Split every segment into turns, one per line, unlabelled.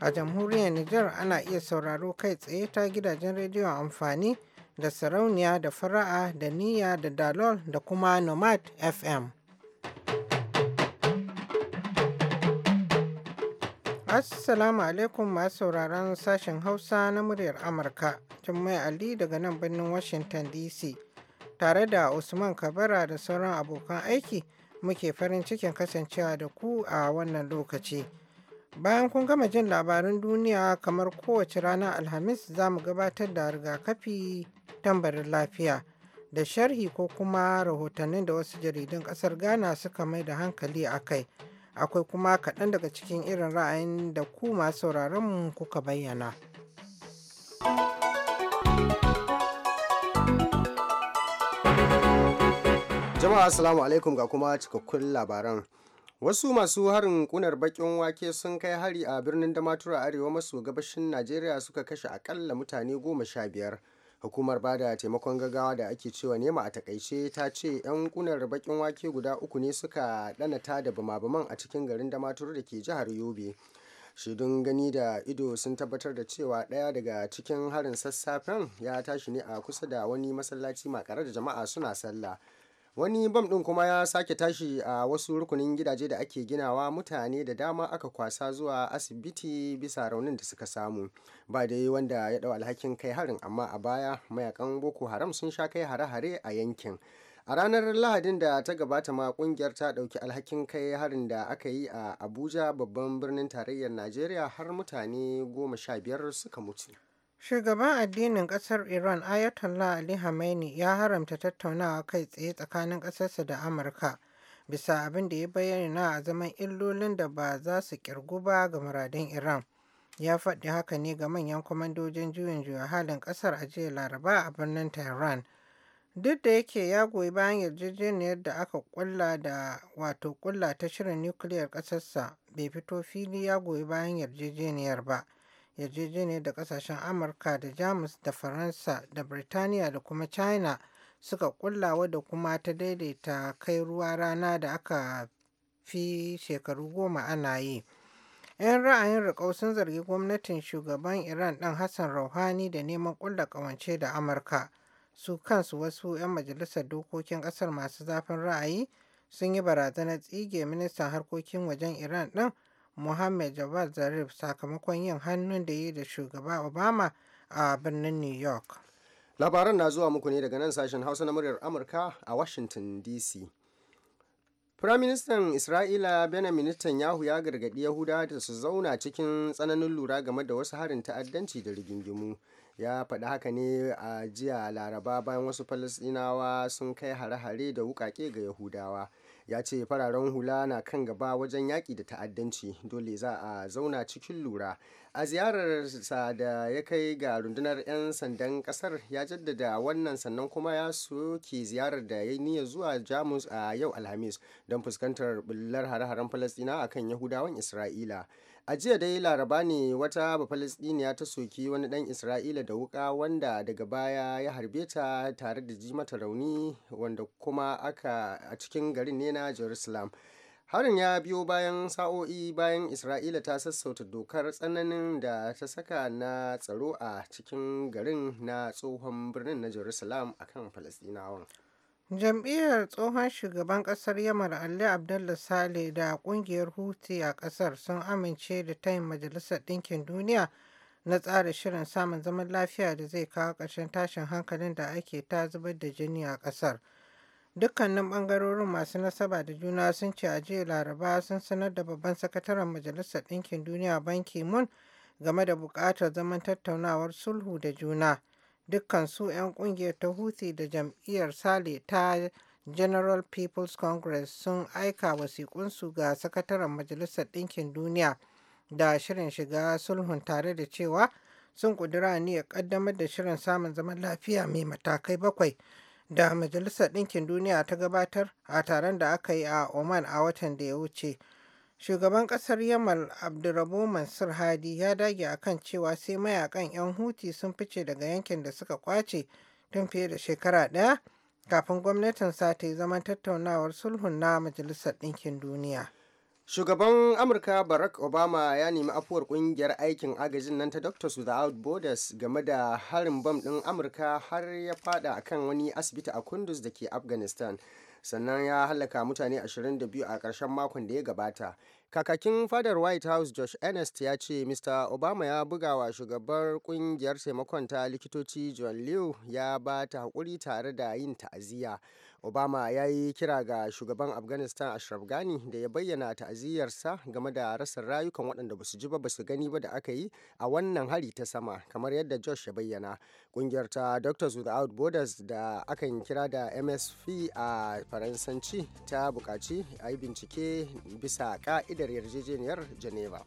A jamhuriyar Nijar ana iya sauraro kai tsaye ta gidajen rediyon amfani da sarauniya da fara'a da niyya da dalol da kuma nomad FM. Assalamu alaikum masu sauraron sashen Hausa na muryar Amurka, Jummai Ali daga nan birnin Washington DC, tare da Usman Kabara da sauran abokan aiki muke farin cikin kasancewa da ku a wannan lokaci. Bayan kun gama jin labaran duniya kamar kowace rana Alhamis za mu gabatar da rigakafi tambarin lafiya da sharhi ko kuma rahotannin da wasu jaridun ƙasar Ghana suka mai da hankali a kai. Akwai kuma kaɗan daga cikin irin ra'ayin da ku masu mu kuka bayyana.
Jama'a Assalamu alaikum ga kuma cikakkun labaran. wasu masu harin kunar bakin wake sun kai hari a birnin damatura arewa maso gabashin najeriya suka kashe akalla mutane goma sha biyar hukumar bada taimakon gaggawa da ake cewa nema a takaice ta ce 'yan kunar bakin wake guda uku ne suka ta da bama-baman a cikin garin damaturu da ke jihar yobe shaidun gani da ido sun tabbatar da cewa ɗaya daga cikin harin sassafen ya tashi ne a kusa da wani masallaci makare da jama'a suna sallah wani bam ɗin kuma ya sake tashi a wasu rukunin gidaje da ake ginawa mutane da dama aka kwasa zuwa asibiti bisa raunin da suka samu ba dai wanda ya dau alhakin kai harin amma a baya mayakan boko haram sun sha kai hare-hare a yankin a ranar lahadin da ta gabata ma kungiyar ta dauki alhakin kai harin da aka yi a abuja babban birnin tarayyar najeriya har mutane goma sha biyar suka mutu
Shugaban addinin ƙasar Iran Ayatollah Ali Khamenei ya haramta tattaunawa kai tsaye tsakanin ƙasarsa da Amurka bisa abin da ya bayyana a zaman illolin da ba za su kirgu ba ga muradin Iran. Ya faɗi haka ne ga manyan kwamandojin juyin juya halin ƙasar a jiya Laraba a birnin Tehran. Duk da yake ya goyi bayan yarjejeniyar da aka kulla da wato kulla ta shirin nukiliyar ƙasarsa bai fito fili ya goyi bayan yarjejeniyar ba. yarjejeniyar da kasashen amurka da jamus da faransa da birtaniya da kuma china suka kulla da kuma ta daidaita kai ruwa rana da aka fi shekaru goma ana yi 'yan ra'ayin riƙau sun zargi gwamnatin shugaban iran ɗin hassan rouhani da neman ƙulla ƙawance da amurka su kansu wasu 'yan majalisar dokokin ƙasar masu zafin ra'ayi sun yi barazanar tsige ministan harkokin wajen iran ɗin Mohammed Javad Zarif sakamakon yin hannun da yi da shugaba Obama a birnin New York.
Labaran na zuwa muku ne daga nan sashen Hausa na muryar Amurka a Washington DC. Firaministan Isra'ila Benjamin Netanyahu ya gargaɗi Yahudawa da su zauna cikin tsananin lura game da wasu harin ta'addanci da rigingimu. ya faɗi haka ne a jiya laraba bayan wasu falasɗinawa sun kai hare-hare da wukake ga yahudawa ya ce fararen hula na kan gaba wajen yaƙi da ta'addanci dole za a zauna cikin lura a ziyararsa da ya kai ga rundunar 'yan sandan kasar ya jaddada wannan sannan kuma ya soke ziyarar da ya niyya zuwa jamus a yau alhamis don fuskantar bullar hare-haren falastina akan yahudawan isra'ila a jiya dai laraba ne wata bafalistiniya ta soki wani dan isra'ila da wuka wanda daga baya ya harbe ta tare da ji mata rauni wanda kuma aka a cikin garin ne na jerusalem harin ya biyo bayan sa'o'i bayan isra'ila ta sassauta dokar tsananin da ta saka na tsaro a cikin garin na tsohon birnin na jerusalem akan kan
Jam'iyyar tsohon shugaban ƙasar yamar Ali abdulla sale da ƙungiyar huti a ƙasar sun amince da tayin Majalisar Ɗinkin Duniya na tsara shirin samun zaman lafiya da zai kawo ƙarshen tashin hankalin da ake ta zubar da jini a ƙasar. Dukkanin ɓangarorin masu nasaba da juna sun ce a jiya Laraba sun sanar da babban sakataren Majalisar Ɗinkin Duniya Ban ki game da buƙatar zaman tattaunawar sulhu da juna. dukkansu 'yan kungiyar ta Hutu da jam'iyyar Sale ta General People's Congress sun aika wasiƙunsu ga sakataren Majalisar Ɗinkin Duniya da shirin shiga sulhun tare da cewa sun ƙudura ya ƙaddamar da shirin samun zaman lafiya mai matakai bakwai da Majalisar Ɗinkin Duniya ta gabatar a taron da aka yi a Oman a watan da ya wuce. Shugaban kasar Yamal abdurrabu Mansur Hadi ya dage a kan cewa sai mayakan 'yan Huti sun fice daga yankin da suka kwace tun fiye da shekara daya kafin gwamnatin sa ta yi zaman tattaunawar sulhun na Majalisar Ɗinkin
Duniya. Shugaban Amurka Barack Obama ya nemi afuwar kungiyar aikin agajin nan ta Doctors Without Borders game da harin bam ɗin Amurka har ya fada akan wani asibiti a kundus da ke Afghanistan. sannan ya halaka mutane 22 a ƙarshen makon da ya gabata kakakin fadar white house josh ernest ya ce mr obama ya buga wa shugabar kungiyar taimakon ta likitoci john liu ya ba ta haƙuri tare da yin ta'aziyya obama ya yi kira ga shugaban afghanistan ashraf ghani da ya bayyana ta'aziyyarsa game da rasar rayukan waɗanda ba su ji ba ba su gani ba da aka yi a wannan hari ta sama kamar yadda josh ya bayyana ƙungiyar ta doctors without borders da akan kira da msf a faransanci ta buƙaci a yi bincike bisa ka'idar yarjejeniyar geneva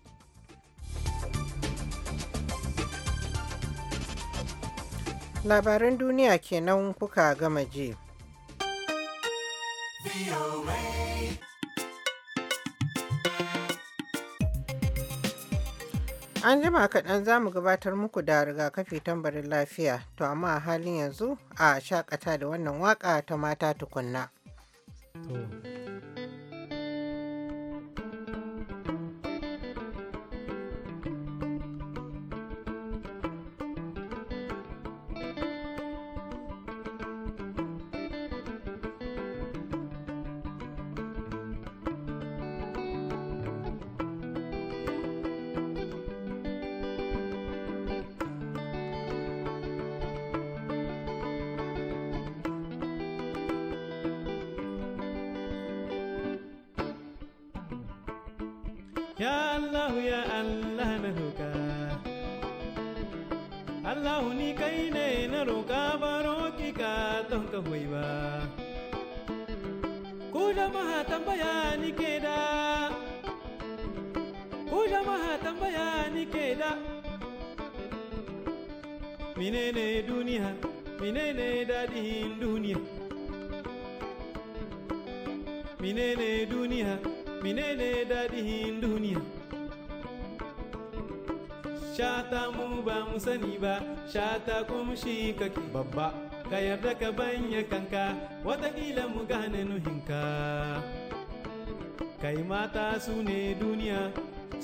labaran duniya kenan kuka gama je. An jima kaɗan za mu gabatar muku da rigakafi tambarin lafiya, to amma a halin yanzu a shakata da wannan waƙa ta mata tukunna.
minene duniya minene dadihin duniya minene duniya minene dadihin duniya shata mu ba mu sani ba shata kumshi shi kake babba ka yarda ka banya kanka watakila mu gane nuhinka kai mata sune ne duniya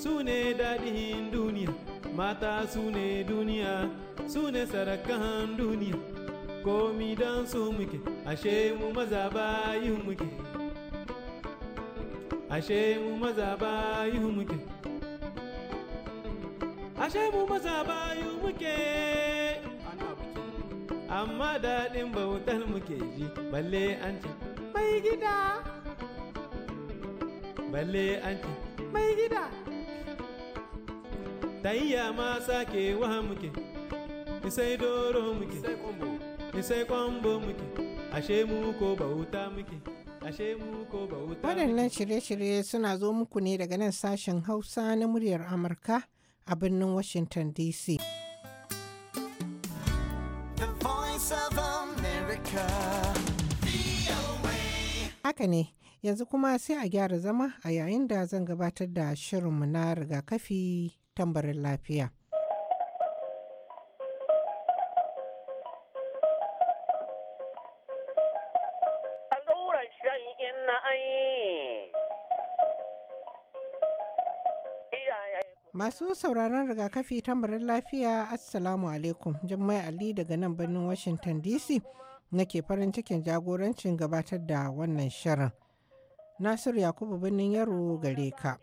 su ne daɗin duniya mata su ne duniya su ne sarakan duniya komi don su muke ashe mu maza bayin muke ashe mu maza bayin muke ashe mu maza bayin muke amma daɗin bautar muke ji balle an ce mai gida balle an ce mai gida tayya ma sake waha muke isai doro muke isai kwambo muke ashe mu ko bauta muke ashe mu ko bauta waɗannan
shirye-shirye suna zo muku ne daga nan sashen hausa na muryar amurka a birnin washington dc Haka ne, yanzu kuma sai a gyara zama a yayin da zan gabatar da shirinmu na rigakafi tambarin lafiya. Masu sauraron rigakafi tambarin lafiya Assalamu alaikum Jummai Ali daga nan birnin Washington DC nake farin cikin jagorancin gabatar da wannan shirin. Nasiru Yakubu birnin Yaro gare ka.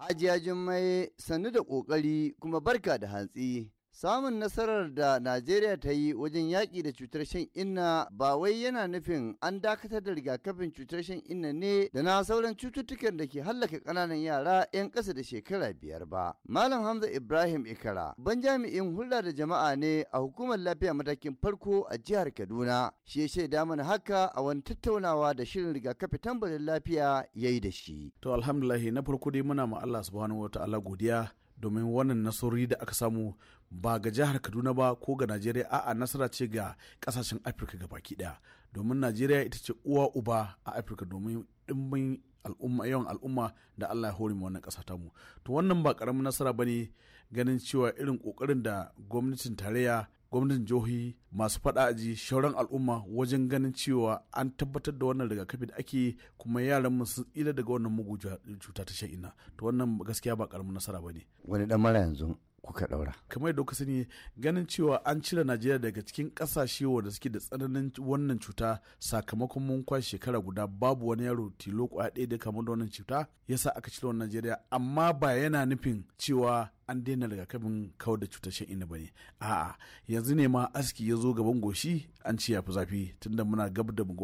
Hajiya Jummai sannu da ƙoƙari kuma barka da hantsi. Samun nasarar da Najeriya ta yi wajen yaƙi da cutar shan inna ba wai yana nufin an dakatar da rigakafin cutar shan inna ne da na sauran cututtukan da ke hallaka ƙananan yara 'yan ƙasa da shekara biyar ba. Malam Hamza Ibrahim Ikara, ban jami'in hulɗa da jama'a ne a hukumar lafiya matakin farko a jihar Kaduna, shi ya shaida mana haka a wani tattaunawa da shirin rigakafi tambarin lafiya ya yi da shi.
To alhamdulahi na farko dai muna ma Allah subhanahu wa ta'ala godiya domin wannan nasarori da aka samu ba ga jihar kaduna ba ko ga najeriya a'a nasara ce ga kasashen afirka ga baki daya domin najeriya ita ce uwa uba a afirka domin dimbin al'umma yawan al'umma da allah ya hori mu wannan kasa tamu to wannan ba karamin nasara ba ne ganin cewa irin kokarin da gwamnatin tarayya gwamnatin jihohi masu faɗa aji shauran al'umma wajen ganin cewa an tabbatar da wannan rigakafi da ake kuma yaran mu sun tsira daga wannan mugu cuta ta sha'ina to wannan gaskiya ba karamin nasara bane ne
wani dan mara yanzu kuka daura.
Kamar yadda kuka sani ganin cewa an cire Najeriya daga cikin kasashe wanda suke da tsananin wannan cuta sakamakon mun kwashe shekara guda babu wani yaro tilo kwaya ɗaya da kamar da wannan cuta yasa aka cire wannan Najeriya amma ba yana nufin cewa an daina rigakafin kawar da cutar shan inna bane a'a yanzu ne ma aski ya zo gaban goshi an ci yafi zafi tunda muna gab da mu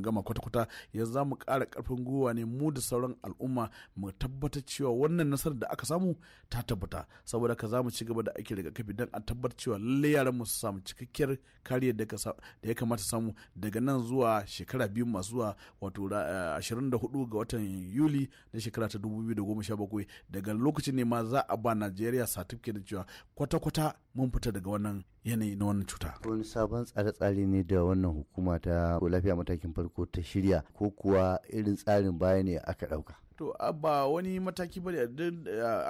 gama kwata-kwata yanzu za mu ƙara ƙarfin gwiwa ne mu da sauran al'umma mu tabbatar cewa wannan nasarar da aka samu ta tabbata saboda ka za mu ci gaba da ake rigakafi don a tabbatar cewa lallai yaran mu su samu cikakkiyar kariyar da ya kamata samu daga nan zuwa shekara biyu masu zuwa wato 24 eh, ga watan yuli na shekara ta 2017 daga lokacin ne ma za a ba najeriya najeriya satifike da cewa kwata-kwata mun fita daga wannan yanayi na wannan cuta wani sabon tsare-tsare ne da wannan
hukuma ta lafiya matakin farko ta shirya ko kuwa irin tsarin baya ne aka ɗauka
to ba wani mataki ba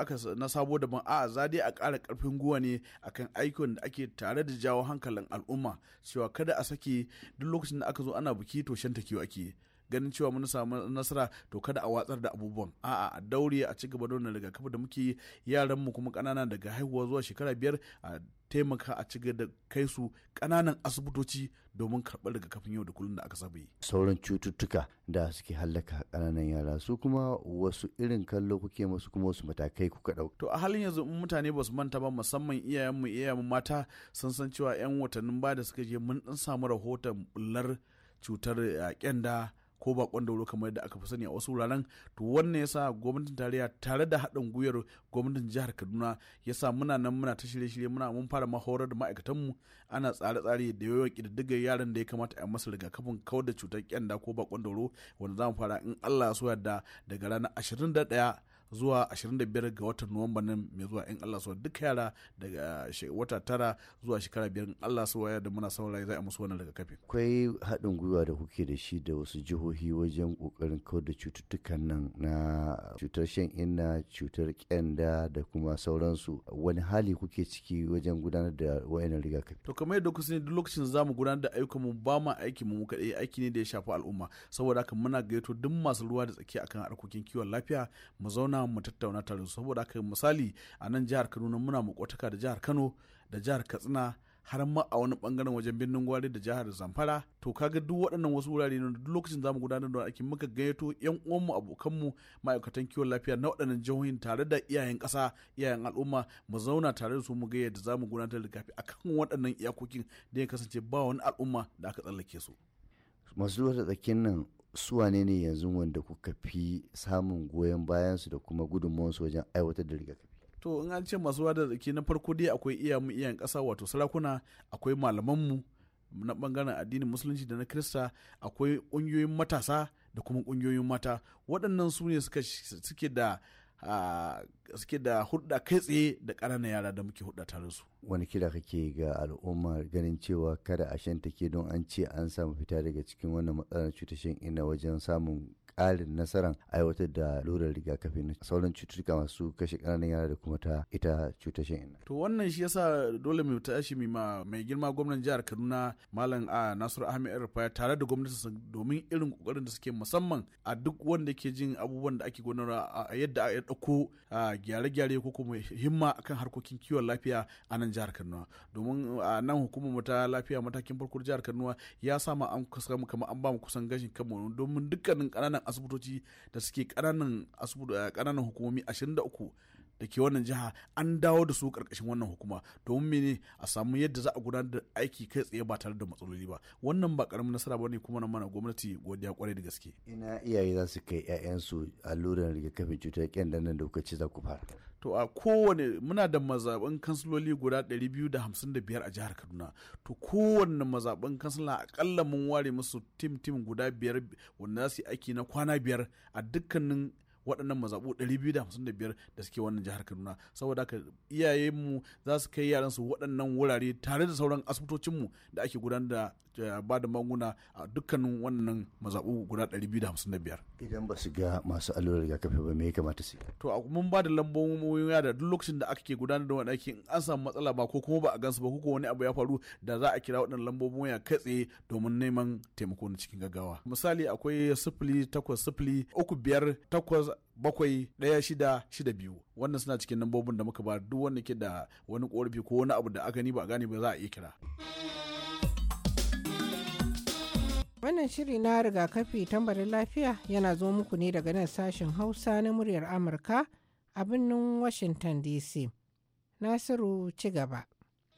aka na sabo da ban a za dai a ƙara ƙarfin guwa ne akan aikin da ake tare da jawo hankalin al'umma cewa kada a sake duk lokacin da aka zo ana buki to shan takiyo ake ganin cewa mun samu nasara to kada a watsar da abubuwan a'a a daure a ci gaba da wannan rigakafi da muke yaran mu kuma kanana daga haihuwa zuwa shekara biyar a taimaka a ciga da kai su kananan asibitoci domin karɓar rigakafin yau da kullum da aka saba yi.
Sauran cututtuka da suke hallaka kananan yara su kuma wasu irin kallo kuke masu kuma wasu matakai kuka ɗauka.
To a halin yanzu in mutane ba su manta ba musamman iyayenmu iyayenmu mata sun san cewa 'yan watannin ba da suka je mun ɗan samu rahoton bullar cutar kyanda eh, ko bakon dauro kamar yadda aka fi sani a wasu wuraren to wannan yasa gwamnatin tarayya tare da haɗin gwiwar gwamnatin jihar kaduna yasa muna nan muna ta shirye-shirye muna mun fara mahorar da ma'aikatanmu ana tsare-tsare da yawan ƙididdigar yaran da ya kamata a masa rigakafin kawar da cutar kyanda ko bakon dauro wanda za mu fara in allah ya so yadda daga ranar ɗaya zuwa 25 ga watan nuwamba nan mai zuwa in Allah so duka yara daga wata tara zuwa shekara biyar in Allah so ya da muna saurayi za a musu wannan daga kafi akwai
haɗin gwiwa da kuke da shi da wasu jihohi wajen kokarin kawar da cututtukan nan na cutar shan inna cutar kyanda da kuma sauransu wani hali kuke ciki wajen gudanar da wayannan rigakafi
to kamar yadda duk lokacin za mu gudanar da ayyukan mu ba ma aiki mu kaɗai aiki ne da ya shafi al'umma saboda haka muna gayyato duk masu ruwa da tsaki akan harkokin kiwon lafiya mu zauna mu tattauna tare saboda aka misali a nan jihar Kaduna muna makotaka da jihar Kano da jihar Katsina har ma a wani bangaren wajen birnin gwari da jihar zamfara to kaga duk waɗannan wasu wurare ne duk lokacin zamu gudanar da aikin muka gayyato yan uwanmu abokanmu ma'aikatan kiwon lafiya na waɗannan jihohin tare da iyayen ƙasa iyayen al'umma mu zauna tare da su mu gayyada za zamu gudanar da kafi akan waɗannan iyakokin da ya kasance ba wani al'umma da aka tsallake su
masu lura da tsakin nan su wane ne yanzu wanda kuka fi samun goyon bayansu da kuma su wajen aiwatar da rigakafi
to in an ce masu wada zaki na farko dai akwai iyamu iyan ƙasa wato sarakuna akwai malamanmu na bangaren addinin musulunci da na krista akwai kungiyoyin matasa da kuma kungiyoyin mata waɗannan su ne suke da suke da hudda kai tsaye da ƙananan yara da muke hudda tare su
wani kira kake ga al'umma ganin cewa kada a shan ke don an ce an samu fita daga cikin wannan matsalar cutar shan ina wajen samun ƙarin nasarar aiwatar da lurar rigakafi na sauran cututtuka masu kashe ƙananan yara da kuma ta ita cutar shan
To wannan shi yasa dole mu ta shi ma mai girma gwamnan jihar Kaduna Malam A ah, Nasiru Ahmed Rufai tare da gwamnati domin irin kokarin da suke musamman a duk wanda ke jin abubuwan da ake gudanarwa a yadda a dauko ah, gyare-gyare ko kuma himma akan harkokin kiwon lafiya a nan jihar Kaduna. Domin a ah, nan hukumar mu ta lafiya matakin farko jihar Kaduna ya sama an kusa kamar an ba mu kusan gashin kanmu domin dukkanin ƙananan ƙananan asibitoci da suke ƙananan eh, hukumomi 23 da ke wannan jiha an dawo da su karkashin wannan hukuma domin mene a samu yadda za a gudanar da aiki kai tsaye ba tare da matsaloli ba wannan ba karamin nasara ba bane kuma nan mana gwamnati godiya kwarai da gaske
ina iyaye za su kai ƴaƴansu alluran rigakafin cutar kyanda nan da kuka za ku fara
to a kowane muna da mazaɓin kansiloli guda 255 a jihar kaduna to kowanne mazaɓin kansila akalla mun ware musu tim tim guda biyar wanda za su yi aiki na kwana biyar a dukkanin waɗannan mazaɓu 255 da suke wannan jihar kaduna saboda haka iyayenmu za su kai yaran su waɗannan wurare tare da sauran asibitocinmu da ake gudanar da ba da maguna a dukkanin wannan mazaɓu guda 255
idan ba su ga masu allurar rigakafi ba me ya kamata su
to a mun ba da lambobin ya da duk lokacin da aka ke gudanar da wani aikin an samu matsala ba ko kuma ba a gansu ba ko kuma wani abu ya faru da za a kira waɗannan lambobin waya kai tsaye domin neman taimako na cikin gaggawa misali akwai sifili takwas sifili uku biyar takwas bakwai ɗaya shida shida biyu wannan suna cikin lambobin da muka ba duk wanda ke da wani korafi ko wani abu da aka ni ba gane ba za a iya kira.
Wannan shiri na rigakafi tambarin lafiya yana zo muku ne daga nan sashen Hausa na muryar Amurka a birnin Washington DC. Nasiru
ci gaba.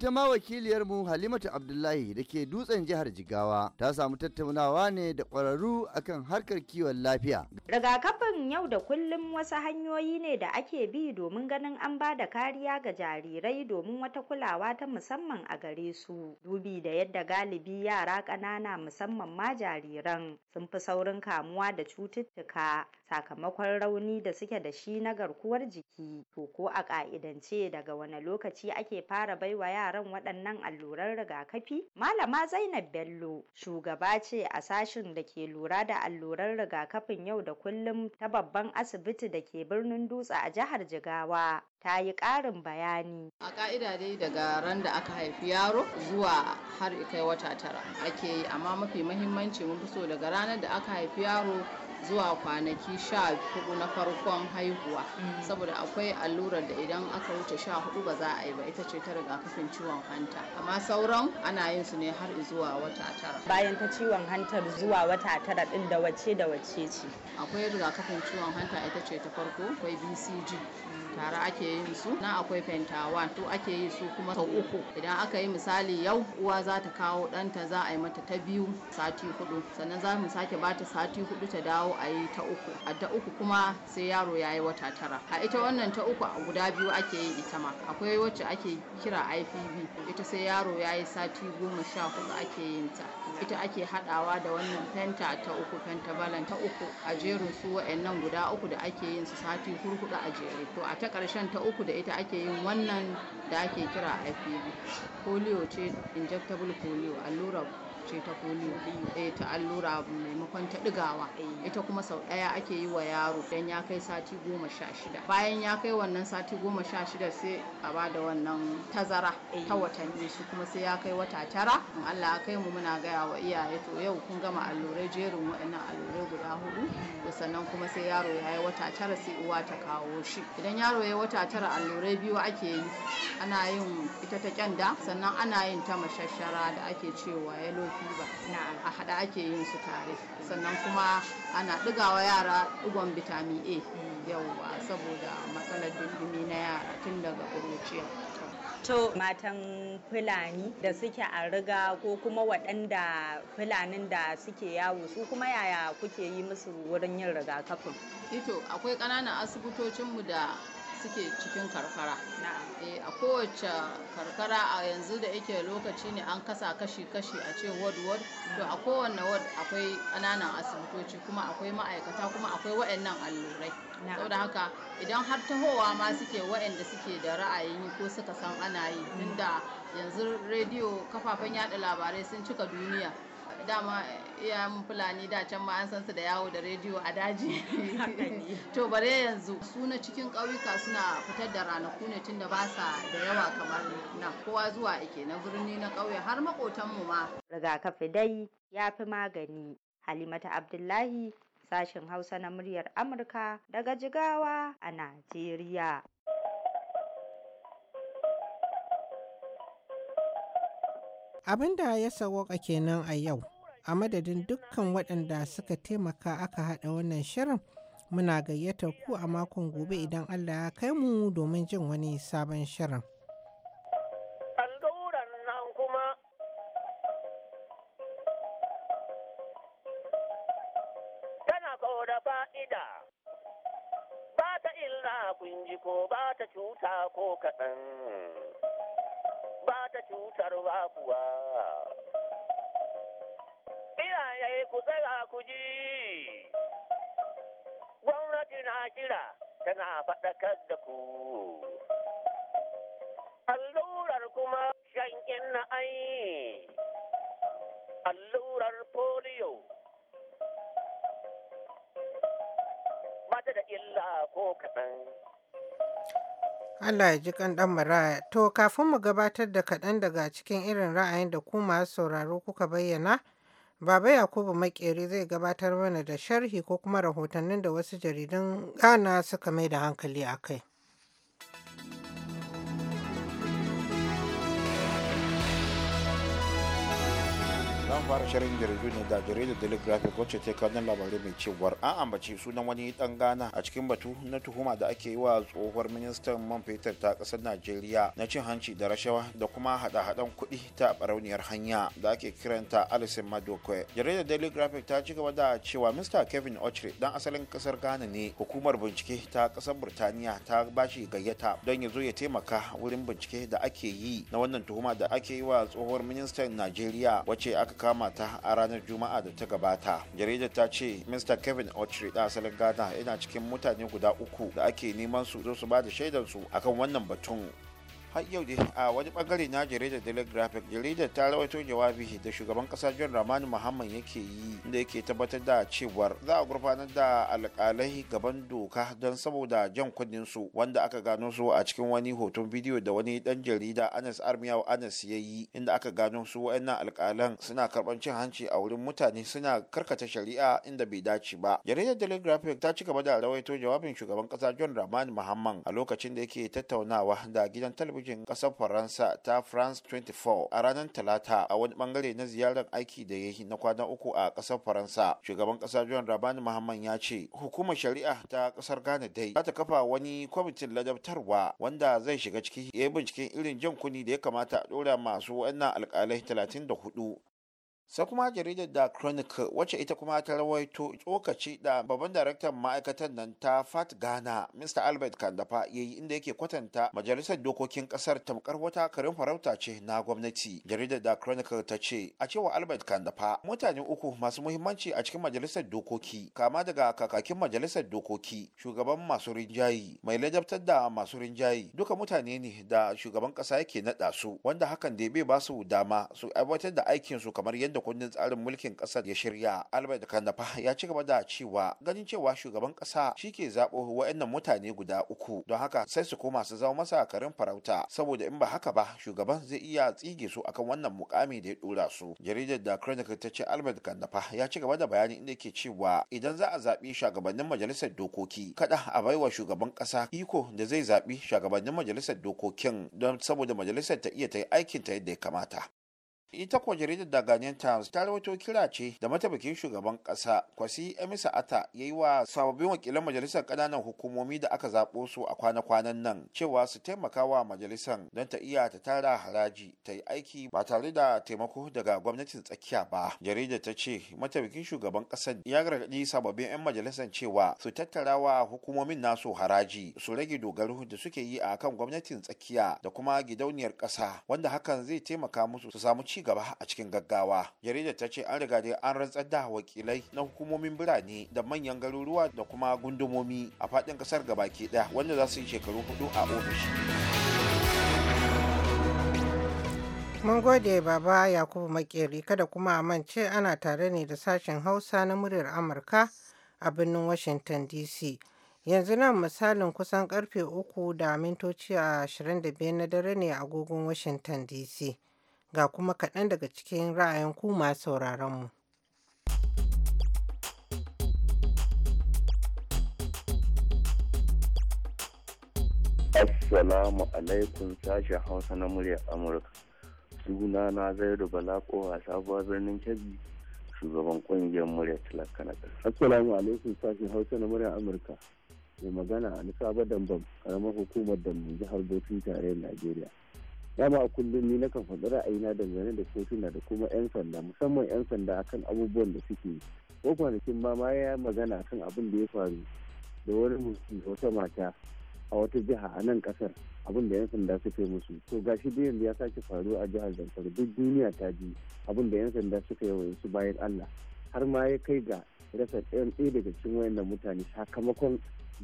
Ita ma wakiliyarmu Halimatu Abdullahi da ke dutsen jihar Jigawa ta samu tattaunawa ne da ƙwararru akan harkar kiwon lafiya.
Rigakafin yau da kullum wasu hanyoyi ne da ake bi domin ganin an ba da kariya ga jarirai domin wata kulawa ta musamman a gare su. Dubi da yadda galibi yara ƙanana musamman ma jariran sun fi saurin kamuwa da cututtuka sakamakon rauni da suke da shi na garkuwar jiki. To ko a ƙa'idance daga wani lokaci ake fara baiwa yara ran waɗannan alluran rigakafi? Malama Zainab Bello shugaba ce a sashen da ke lura da alluran rigakafin yau da kullum ta babban asibiti da ke birnin Dutse a jihar Jigawa. ta yi ƙarin bayani. A ƙa'ida dai daga ran da aka haifi yaro zuwa har kai wata tara ake yi amma mafi muhimmanci mun fi so daga ranar da aka haifi yaro zuwa kwanaki sha hudu na farkon haihuwa mm. saboda akwai allurar da idan aka wuce sha hudu ba za a yi ba ita ce ta rigakafin ciwon hanta amma sauran ana yin su ne har zuwa wata tara bayan ta ciwon hantar zuwa wata tara din da wace da wace ce akwai rigakafin ciwon hanta ita ce ta farko akwai bcg mm. tare ake yin su na akwai fentawa to ake yi su kuma sau uku idan aka yi misali yau uwa za ta kawo ɗanta za a yi mata ta biyu sati hudu sannan za mu sake ba ta sati hudu ta dawo ayi a ta uku a ta uku kuma sai yaro ya wata tara a ita wannan ta uku a guda biyu ake yin ita ma akwai wacce ake kira ipv ita sai yaro ya yi sati goma sha hudu ake yin ta ita ake hadawa da wannan penta ta uku pentavalent ta uku a jerin su wa'annan guda uku da ake yin su sati hurhudu a jere to a ta karshen ta uku da ita ake yin wannan da ake kira ipv polio ce injectable polio allurar ce ta polio eh ta allura maimakon ta digawa eh. ita kuma sau daya ake yi wa yaro dan ya kai sati goma sha shida bayan ya kai wannan sati goma sha shida sai a ba da wannan tazara eh. ta watanni shi kuma sai ya kai wata tara in Allah ya kai mu muna gaya wa iyaye to yau kun gama allurai jerin waɗannan allurai guda hudu sannan kuma sai yaro ya yi wata tara sai uwa ta kawo shi idan yaro ya yi wata tara allurai biyu ake yi ana yin ita ta kyanda sannan ana yin ta mashashara da ake cewa yellow Na'a, na a hada ake yin su tare sannan kuma ana ɗigawa yara ɗigon vitamin a yawwa saboda matsalar dindimi na yara tun daga ƙuruciya to matan fulani da suke a riga ko kuma waɗanda fulanin da suke yawo su kuma yaya kuke yi musu wurin yin rigakafin ito akwai ƙananan asibitocinmu da suke cikin karkara eh, a kowace karkara a yanzu da yake lokaci ne an kasa kashi-kashi a ce ward-ward to a kowane ward akwai ƙananan asibitoci kuma akwai ma'aikata kuma akwai wa'annan allurai saboda haka idan har tahowa ma suke wa'anda suke da ra'ayi ko suka san ana yi tunda yanzu rediyo kafafen yada labarai sun cika duniya dama iyayen fulani da can ma an san su da yawo da rediyo a daji to bare yanzu su na cikin ƙauyuka suna fitar da ranaku ne tunda ba sa da yawa kamar nan kowa zuwa ake na birni na ƙauye har makotan mu ma rigakafi dai ya fi magani halimata abdullahi sashin hausa na muryar amurka daga jigawa a najeriya
Abin da ya sawaka kenan a yau, a madadin dukkan waɗanda suka taimaka aka haɗa wannan shirin muna gayyata ku a makon gobe idan Allah ya kai mu domin jin wani sabon shirin.
Ba ta illa kunji ko ba ta cuta ko kaɗan. cutar ba kuwa. Iyaye ku tsaya ku ji, gwamnati na kira tana faɗakar da ku. Allurar kuma shankin na ai, allurar polio. Bata da illa ko kaɗan.
Allah ya ji kan ɗan maraya. To kafin mu gabatar da kaɗan daga cikin irin ra'ayin da ku masu sauraro kuka bayyana, Baba Yakubu Makeri zai gabatar mana da sharhi ko kuma rahotannin da wasu jaridun Ghana suka mai da hankali a kai.
nan fara shirin jaridu ne da jaridar telegraphic wacce ta nan labarai mai cewar an mace sunan wani dan gana a cikin batu na tuhuma da ake yi wa tsohuwar ministan man fetur ta kasar najeriya na cin hanci da rashawa da kuma hada-hadan kuɗi ta barauniyar hanya da ake kiranta alison madokwe jaridar daily graphic ta ci gaba da cewa mr kevin ochre dan asalin kasar ghana ne hukumar bincike ta kasar burtaniya ta bashi gayyata don ya zo ya taimaka wurin bincike da ake yi na wannan tuhuma da ake yi wa tsohuwar ministan najeriya wacce aka kama ta a ranar juma'a da ta gabata jaridar ta ce mr kevin ochre da asalin ghana yana cikin mutane guda uku da ake neman su don su ba da shaidar akan wannan batun har yau dai a wani bangare na jaridar daily graphic jaridar ta rawaito jawabi da shugaban kasa john ramani muhammad yake yi da yake tabbatar da cewar za a gurfanar da alkalai gaban doka don saboda jan kudin su wanda aka gano su a cikin wani hoton bidiyo da wani dan jarida anas armiyawa anas ya yi inda aka gano su wayannan alkalan suna karban cin hanci a wurin mutane suna karkata shari'a inda bai dace ba jaridar daily graphic ta ci gaba da rawaito jawabin shugaban kasa john ramani muhammad a lokacin da yake tattaunawa da gidan talabijin mijin ƙasar faransa ta france 24 a ranar talata a wani bangare na ziyarar aiki da ya yi na kwana uku a ƙasar faransa shugaban ƙasa john rabani muhammad ya ce hukumar shari'a ta ƙasar ghana dai za ta kafa wani kwamitin ladabtarwa wanda zai shiga ciki ya yi binciken irin jan kuni da ya kamata a ɗora masu wannan alƙalai 34 sai kuma jaridar da chronicle wacce ita kuma ta rawaito tsokaci da babban daraktan ma'aikatan nan ta fat ghana mr albert kandafa ya yi inda yake kwatanta majalisar dokokin kasar tamkar wata karin farauta ce na gwamnati jaridar da chronicle ta ce a cewa albert kandafa mutane uku masu muhimmanci a cikin majalisar dokoki kama daga kakakin majalisar dokoki shugaban masu rinjayi mai ladabtar da masu rinjayi duka mutane ne da shugaban kasa yake naɗa su wanda hakan da bai ba su dama su aiwatar da aikinsu kamar yadda yadda kundin tsarin mulkin kasar ya shirya albert kanafa ya ci gaba da cewa ganin cewa shugaban kasa shi ke zaɓo wa'annan mutane guda uku don haka sai su koma su zama masa karin farauta saboda in ba haka ba shugaban zai iya tsige su akan wannan mukami da ya dora su jaridar da chronicle ta ce albert kanafa ya ci gaba da bayani inda yake cewa idan za a zaɓi shugabannin majalisar dokoki kada a bai wa shugaban kasa iko da zai zaɓi shugabannin majalisar dokokin don saboda majalisar ta iya ta yi aikin ta yadda ya kamata ita kuwa jaridar da Ghanaian Times ta rawaito kira ce da mataimakin shugaban kasa Kwasi Emisa Ata ya yi wa sababbin wakilan majalisar ƙananan hukumomi da aka zaɓo su a kwana-kwanan nan cewa su taimaka wa majalisar don ta iya ta tara haraji ta yi aiki ba tare da taimako daga gwamnatin tsakiya ba. Jaridar ta ce mataimakin shugaban ƙasar ya gargaɗi sababbin 'yan majalisar cewa su tattara wa hukumomin nasu haraji su rage dogaro da suke yi a kan gwamnatin tsakiya da kuma gidauniyar ƙasa wanda hakan zai taimaka musu su samu ci gaba a cikin gaggawa jaridar ta ce an riga dai an rantsar da wakilai na hukumomin birane da manyan garuruwa da kuma gundumomi a faɗin ƙasar ke ɗaya wanda za su yi shekaru hudu a ofishi.
Mun gode baba Yakubu Makeri kada kuma a mance ana tare ne da sashen Hausa na muryar Amurka a birnin Washington DC. Yanzu nan misalin kusan karfe uku da mintoci ashirin da na dare ne a agogon Washington DC. ga kuma kaɗan daga cikin ra'ayin ku sauraronmu.
Assalamu alaikum sashen Hausa na muryar Amurka. Suna na Zaidu Balakowa sabuwar birnin Kebbi, shugaban kungiyar muryar talaka na ƙasa. Assalamu alaikum sashen Hausa na muryar Amurka. Mai magana a Nisa dambe Bam, karamar hukumar da jihar Bautin tarayyar Najeriya. dama a kullum ni nakan faɗi ra'ayina dangane da kotuna da kuma 'yan sanda musamman 'yan sanda akan abubuwan da suke ko kwanakin ma ma ya magana akan abin da ya faru da wani mutum wata mata a wata jiha a nan kasar abin da 'yan sanda suka yi musu to gashi da yanzu ya sake faru a jihar zamfara duk duniya ta ji abin da 'yan sanda suka yi wayansu bayan allah har ma ya kai ga rasa ɗayan ɗaya daga cikin wayannan mutane sakamakon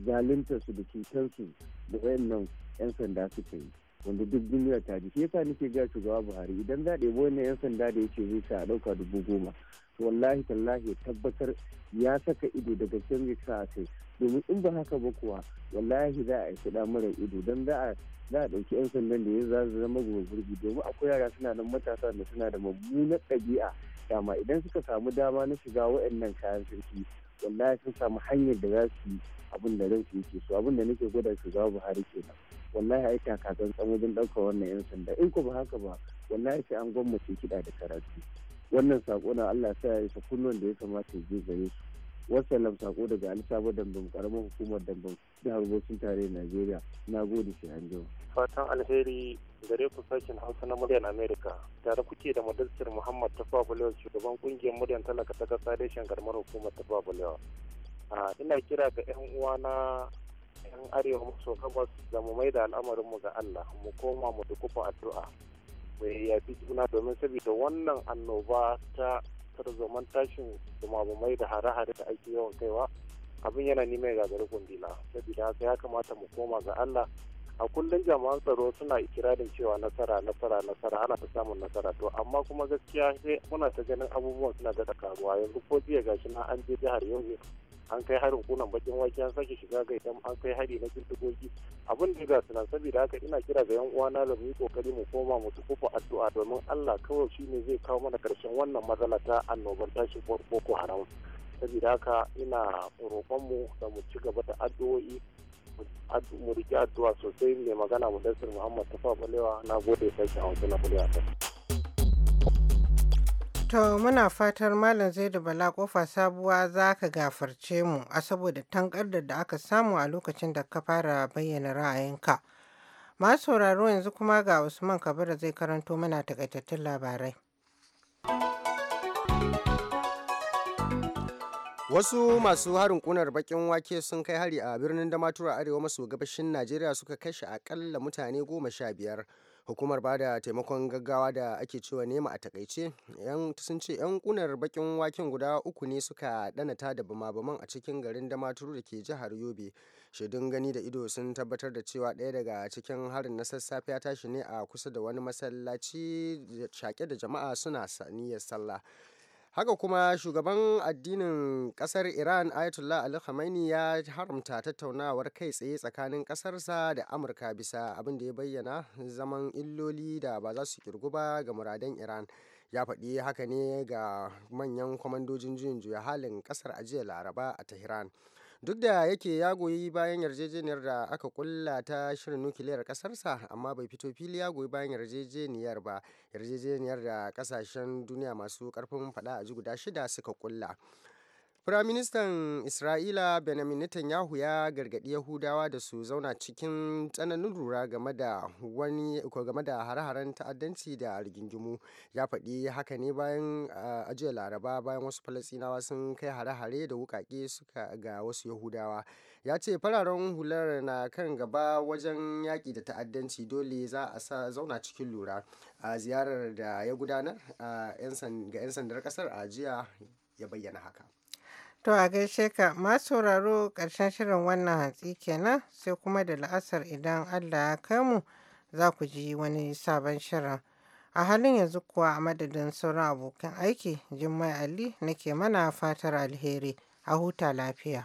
zaluntarsu da cutarsu da wayannan 'yan sanda suka yi wanda duk duniya ta ji kesa yasa nake ga shugaba buhari idan za a ɗebo yan sanda da yake zai sa a ɗauka dubu goma to wallahi tallahi tabbatar ya saka ido daga can zai sa sai domin in ba haka ba kuwa wallahi za a yi kuɗa mara ido don za a za a ɗauki 'yan sandan da ya za su zama gurgurgi domin akwai yara suna nan matasa da suna da mummunar ɗabi'a dama idan suka samu dama na shiga waɗannan kayan sarki wallahi sun samu hanyar da za su yi abin da ransu yake so abin da nake gwada shugaba buhari kenan wallahi ai kakatsan wajen ɗaukar wannan 'yan sanda in ko ba haka ba wallahi sai an gwammace kiɗa da karatu wannan sako na Allah sa ya isa kullum da ya kamata ya je gare su wasallam sako daga Ali Sabo Dambam karamar hukumar Dambam da Bauchin tare Najeriya na gode sai an jima
fatan alheri gare ku sashen Hausa na muryar america tare kuke da madalcin Muhammad Tafa shugaban kungiyar muryan talaka ta kasa da garmar hukumar Tafa Bulewa ah, ina kira ga 'yan uwana. 'yan arewa maso gabas da mu mai da al'amarinmu ga Allah mu koma mu dukufa addu'a mu yafi juna domin saboda wannan annoba ta tarzoman tashin dumabumai da hare-hare da ake yawan kaiwa abin yana ni nime gagari kundila saboda haka ya kamata mu koma ga Allah a kullum jami'an tsaro suna ikirarin cewa nasara nasara nasara ana ta samun nasara to amma kuma gaskiya sai muna ta ganin abubuwan suna da karuwa yanzu ko jiya gashi na an je jihar yau an kai harin kunan bakin wake an sake shiga ga idan an kai hari na bindigogi abin da ga sunan saboda haka ina kira ga yan uwana da mu kokari mu koma mu tukufa addu'a domin Allah kawai shi ne zai kawo mana karshen wannan matsala ta annobar tashi boko haram saboda haka ina roƙon mu da mu ci gaba da addu'o'i mu riƙe addu'a sosai mai magana mu dasir Muhammad Tafa Balewa na gode sashen Hausa na Balewa.
To muna fatar Malam Zaidu Bala kofa sabuwa za ka gafarce mu a saboda tankardar da aka samu a lokacin da ka fara bayyana ra'ayinka. Masu sauraro yanzu kuma ga Usman Kabira zai karanto mana takaitattun labarai.
Wasu masu harin kunar bakin wake sun kai hari a birnin Damatura arewa maso gabashin Najeriya suka kashe akalla mutane goma sha biyar. hukumar bada taimakon gaggawa da ake cewa nema a takaice yan sun ce yan kunar bakin waken guda uku ne suka ta da bama-baman a cikin garin damaturu da ke jihar yobe shaidun gani da ido sun tabbatar da cewa ɗaya daga cikin harin na sassafe ya tashi ne a kusa da wani masallaci shaƙe da jama'a suna saniyar sallah haka kuma shugaban addinin kasar iran ayatollah ali khamenei ya haramta tattaunawar kai tsaye tsakanin kasarsa da amurka bisa abin da ya bayyana zaman illoli da ba za su kirgu ba ga muradan iran ya faɗi haka ne ga manyan kwamandojin juyin juya halin kasar ajiyar laraba a tehran duk da yake ya goyi bayan yarjejeniyar da aka kulla ta shirin nukiliyar kasarsa amma bai fito fili ya goyi bayan yarjejeniyar ba yarjejeniyar da kasashen duniya masu karfin fada a ji guda shida suka kulla Firaministan Isra'ila Benjamin Netanyahu ya gargaɗi Yahudawa da su zauna cikin tsananin lura game da hare-haren ta'addanci da rigingimu. Ya faɗi haka ne bayan ajiyar Laraba bayan wasu falasinawa sun kai hare-hare da wukake suka ga wasu Yahudawa. Ya ce fararen hular na kan gaba wajen yaƙi da ta'addanci dole za a sa zauna cikin lura a ziyarar da ya gudanar ga 'yan sandar ƙasar a jiya ya bayyana haka.
To a gaishe ka, ma sauraro ƙarshen shirin wannan hantsi kenan sai kuma da la'asar idan Allah ya kai mu za ku ji wani sabon shirin. A halin yanzu kuwa a madadin sauran abokan aiki, Jummai Ali nake mana fatar alheri, a huta lafiya.